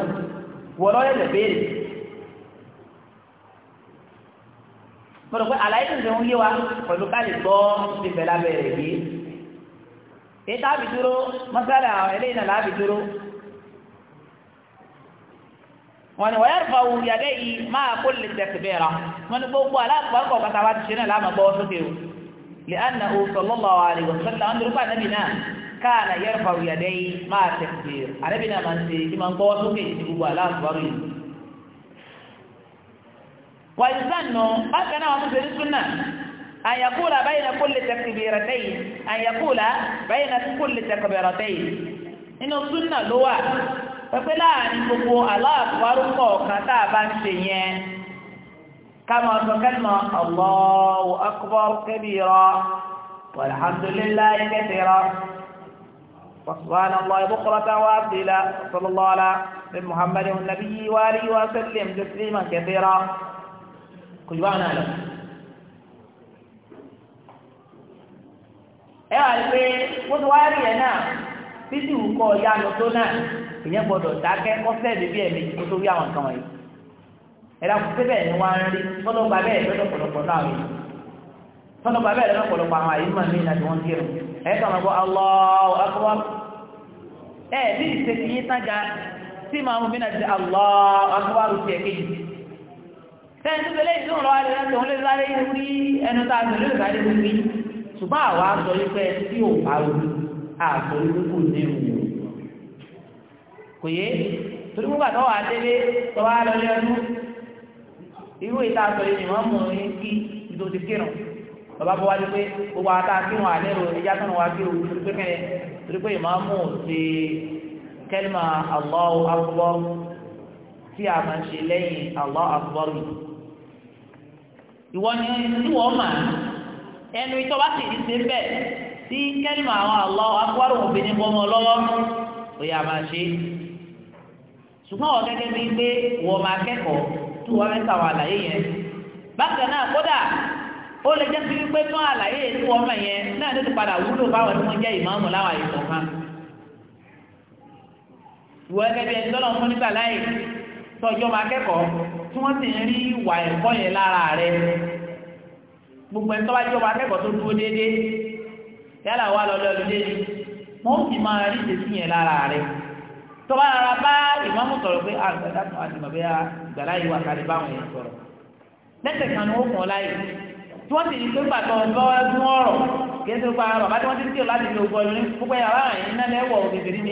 wọ́n lọ́ọ́ lè béèrè mo rò pé àlàyé tó ń sẹ́wọ́n yé wa pẹ̀lú ká lè gbọ́ wọ́n ní wọ́yẹ́ rúfà wù yàdé yìí máa kó lè tẹ̀kìbẹ̀rà wọ́n ní gbogbo aláàpọ̀pọ̀ kàtàwà ti ṣe náà láàmà bọ́ sókè o lè án na oṣù lọ́lọ́wà rẹ̀ wọ́n sọ́lá wọn dúrúkọ́ ànábì náà káàna yẹ́ rúfà wù yàdé yìí máa tẹ̀kìbẹ̀rà ànábì náà máa ń ṣe kí máa ń gbọ́ sókè ní gbogbo aláàpọ̀pọ̀ yìí. wà á sàn nù bákan náà wọ́n ṣe ní súnà أن يقول بين كل تكبيرتين أن يقول بين كل تكبيرتين إنه سنة لواء pẹ́pẹ́ láàrin gbogbo aláàfọwárúkọ̀ kan tá a bá ń ṣe yẹn ká máa sọ kẹ́lìmọ̀ Allahu akbar kabira walhamdulillahi kathira subhanallahi bukratan wa asila sallallahu ala bin muhammadin nabiyyi wa wá rí ẹ náà títí wùkọ́ ya lọ tó náà ìyẹn gbọ́dọ̀ dákẹ́ kọ́sẹ́ bíbí ẹ̀mí tó rí àwọn ẹ̀dá síbẹ̀ ni wọ́n á rí bẹ́ẹ̀ lọ́dọ̀ pọ̀lọpọ̀ náà rí bẹ́ẹ̀ lọ́dọ̀ pọ̀lọpọ̀ àwọn àyè ní wọ́n ti ẹ̀ kàn ẹ̀ bí ìṣèjì yìí tán ga tí màá mú ti àtò ìdókò ní ìrùn kò yé torí mú bàtọ́ wà délé tọ́wá lọlé ọdún irú ìta àtò ìrìn wọn mú ní kí ìdó ti kírun bàbá bọ́ wájú pé gbogbo ata kírun àlérò ìjà tó wà kí òun torí pé kẹ́lẹ́ torí pé ìmọ̀ mú ti kẹ́lìmà Allahu Akbar tí a máa ṣe lẹ́yìn Allahu Akbar yìí ìwọ ni ìwọ mà ẹnu ìtọ́ sì ti ṣe bẹ́ẹ̀ tí kẹ́lìmọ̀ àwọn àlọ́ akọ́rò òfin ní bọ́mọ lọ́wọ́ ó yà máa ṣe ṣùgbọ́n wọ́n gẹ́gẹ́ bíi pé wọ́n máa kẹ́kọ̀ọ́ tí wọ́n fẹ́ àlàyé yẹn bákan náà kódà ó lè jẹ́ sí tán àlàyé tí wọ́n mọ̀ yẹn náà ló ti padà wúlò báwọn tí wọ́n jẹ́ láwọn bíi fún nígbà láì máa kẹ́kọ̀ọ́ tí gbogbo tó dúró yálà wà lọ́lọ́ lóde ni wọ́n sì máa rí ìṣesí yẹn lára rẹ̀ tó bá rárá bá ìmáàmù sọ̀rọ̀ pé àgbàdá kan àti bàbá ìgbàlá yìí wà kárí báwọn yẹn sọ̀rọ̀ lẹ́sẹ̀ kan ni ó kàn láyè tí wọ́n sì ní pé pàtó lọ́wọ́ gún ọ̀rọ̀ kéésì pa ọ̀rọ̀ bá wọ́n ti kí o láti fi ogun ọdún púpẹ́ yàrá àyìn náà lẹ́wọ̀ òkèkèrè ní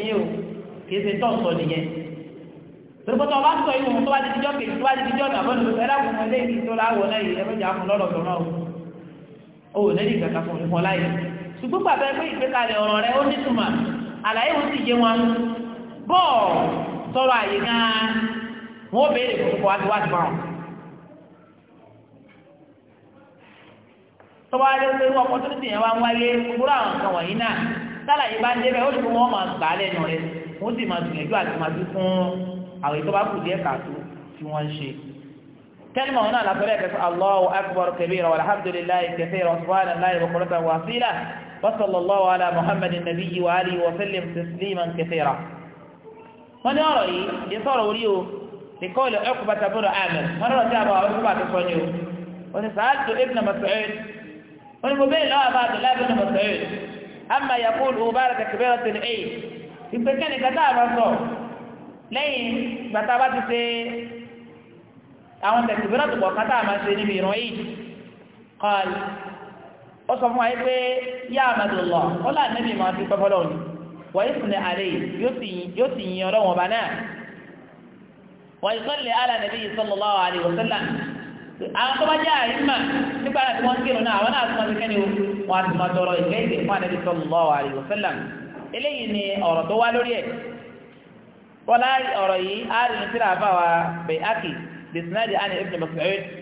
ní yìí ò lẹ́yìn ṣùgbọ́n bàbá ẹgbẹ́ ìgbékalẹ̀ ọ̀rọ̀ rẹ ó nítumọ̀ àlàyé wọn sì yé wọn bọ́ọ̀ sọ̀rọ̀ àyè gan-an wọn ò béèrè fún wa tiwa tọ́wọ́ adé ń tó ti yẹn wá ń wáyé gbúra àwọn nǹkan wọ̀nyí náà sálàyé bá ń débẹ̀ ó lè fún wọn máa gbà á fún àwọn kù díẹ̀ kàtó tí wọ́n وصلى الله على محمد النبي وآله وسلم تسليما كثيرا wọ́n ní ọ̀rọ̀ yìí ní sọ̀rọ̀ orí o ti kọ́ ilẹ̀ ọkùnbàtà bọ́dọ̀ àmín wọ́n ní ọ̀rọ̀ tí a bá ọkùnbà tó sọ ní o wọ́n ní sàádù ibn Mas'ud wọ́n ní mo bẹ́ẹ̀ lọ́wọ́ àbá Abdullahi ibn Mas'ud amma yaqulu o bá rẹ̀ kẹ̀kẹ́ bẹ́ẹ̀ tẹ̀lé ẹ̀yìn ìpè kẹ́ni kẹta àbá sọ lẹ́yìn gbàtà bá ti ṣe àwọn tẹ̀kẹ́ bẹ́ẹ̀ tó kọ̀ kátà àmà ṣe níbi ìrọ̀ yìí ó sọ fún wa pé yá àmàdùlọ̀ ó là nẹ́bí máa dúpẹ́ fọlọ́ ni wọ́n yóò sùn àlẹ́ yóò sì yin ọlọ́wọ́n ọba náà wọ́n yóò sọ́lẹ̀ àlà nàbí sallallahu alaihi wasallam àwọn tó bá jẹ́ àyínmà nígbà náà tí wọ́n ń kírun náà àwọn náà tó máa ti kẹ́ni o wọ́n á ti máa ìgbẹ́ ìgbẹ́ fún ànàbí sallallahu alaihi wasallam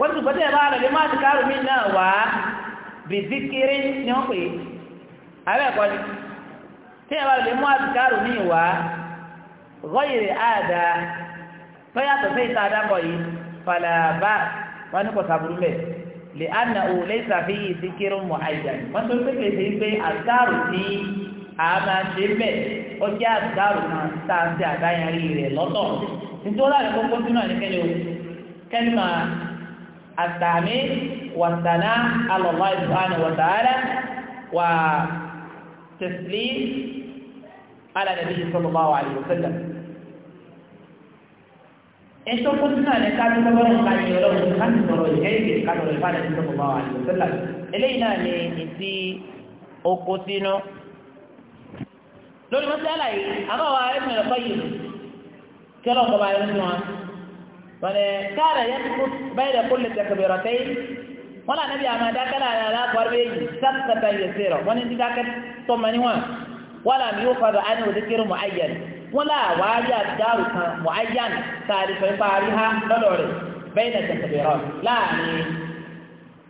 wọ́n ti gbọ́dọ̀ bá rẹ̀ lé má ti kárò mí náà wá bìzíkiri ni wọ́n pè é àbẹ́ ẹ̀kọ́ ni tí ẹ̀ bá rẹ̀ lé mú àtìkárò mí wá gọ́yìrì àdá tọ́yàtọ̀ sí ìta àdàbọ̀ yìí falaba wọn ní kò sàbùrù mẹ́ lè ana ò lè sàfi ìdíkiri mọ̀ àyà wọ́n tó pé kèsì pé àtìkárò sí àmà ṣe mẹ́ ó jẹ́ àtìkárò náà tá a ṣe àdáyàrí rẹ̀ lọ́tọ̀ nítorí àdìkókó sínú àtàmì والثناء على الله سبحانه وتعالى وتسليم على النبي صلى الله عليه وسلم. sínú àlẹ́ ká tó lọ́wọ́ nípa ìyẹn ọlọ́run ká sì sọ̀rọ̀ ìhẹ́rìkè ká sọ̀rọ̀ ìfàdà ìsọ́lọ́lá wà àlùfẹ́lẹ̀ eléyìí náà ni ìsí oko sínú lórí mọ́sálà yìí àbáwá ẹ̀sìn ẹ̀kọ́ yìí kí ọlọ́kọ̀ bá yẹn wani kada ya fi bai da kullum da kabiratai wani annabi a mai dakala da lafuwar beji sassata ya tsira wani ti dakar tsommani wa wala mi yóò fara ani wa zikirin mu'ayyan wala wari a daru kan mu'ayyan tarifai fari ha lọlọrin bai da kabiratai láàrin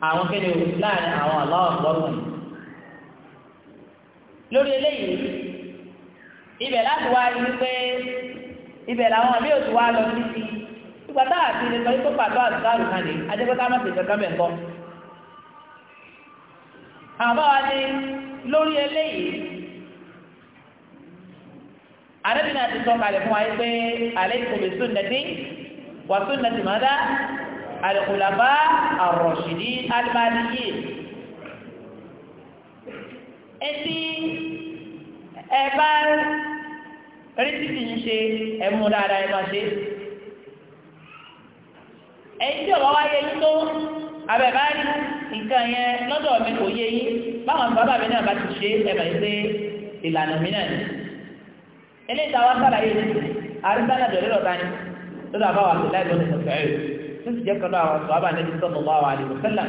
àwọn kéde láàrin àwọn aláwọ̀ lọ́rùn lórí eléyìí ibẹ̀ láti wá rí wípé ibẹ̀ làwọn àbí òtún wá lọ sí ti ìgbà tá àti ilé sọ tó pàtó àtúntàrù kan ní ajẹ́pẹ́ká má ṣe kankan bẹ̀ ń kọ́. àbá wa ní lórí eléyìí àrẹ́bí náà ti sọ kalẹ̀ fún wa pé alaykum bi sunnati wa sunnati mada al-khulafa ar-rashidin al-mahdiyyin ẹtí ẹ bá rí títí ń ṣe ẹmú dáadáa ẹ máa ṣe é ẹ̀yìn tí ọ̀rọ̀ wáyé ní tó abẹ̀bá rí nǹkan yẹn lọ́dọ̀ mi kò yé yín báwọn bàbá mi náà bá ti ṣe ẹ̀bà yìí pé ìlànà mi náà ni eléyìí táwa sàlàyé ní àrísánà dọ̀rẹ́ lọ́ta ni lọ́dọ̀ àbáwá sí láì lọ́dọ̀ sọ̀fẹ́ rẹ̀ tó sì jẹ́ kan náà àwọn sọ̀rọ̀ àbáyé ní sọ́dọ̀ wà wà lẹ́yìn sẹ́là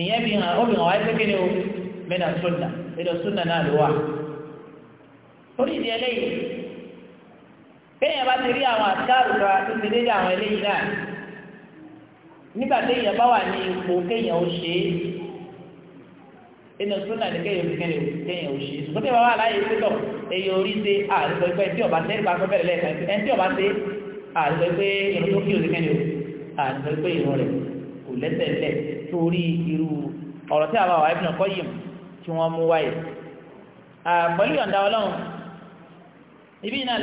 ìyẹn fi eléyìí bẹ́ẹ̀ bá ti rí àwọn àṣà àrùkọ àti ti dédé àwọn eléyìí náà nígbà téèyàn bá wà ní ipò kéèyàn ó ṣe é inú súnà ní kéèyàn ó kéèyàn ó kéèyàn ó ṣe é ṣùgbọ́n tí wọ́n wà láyé pétọ̀ èyí orí ṣe àrùsọ pé ẹni tí ọba tẹ́lẹ̀ bá fẹ́ bẹ̀rẹ̀ lẹ́ẹ̀kan ẹni tí ọba ṣe àrùsọ pé irun tó kí o sí kéèyàn ó àrùsọ pé irun rẹ̀ kò lẹ́sẹ̀ lẹ̀ torí irú ọ̀rọ̀ tí àwọn àwọn ibùdó kọ́ yìí tí wọ́n mú wáyé pẹ̀lú yọ̀ǹda ọlọ́run ibi náà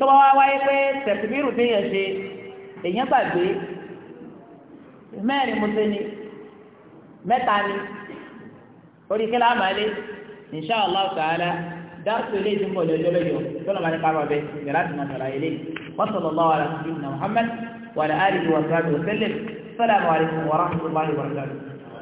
tọ́wọ́ wá wáyé pé tẹ̀síbírù ti yàn ṣe èèyàn gbàgbé mẹ́rin mo ṣe ni mẹ́ta ni orí kí láàmú alẹ́ insha Allah ta'ala dáàtú ilé ìdúgbò lọ́jọ́ lọ́jọ́ tọ́lọ́ máa ní ká máa bẹ ìgbàlá ti máa sọ̀rọ̀ ilé wọ́n sọ̀rọ̀ lọ́wọ́ ala sayyidina Muhammad wa ala alihi wa sahbihi wa sallam salamu alaykum wa rahmatullahi wa barakatuh.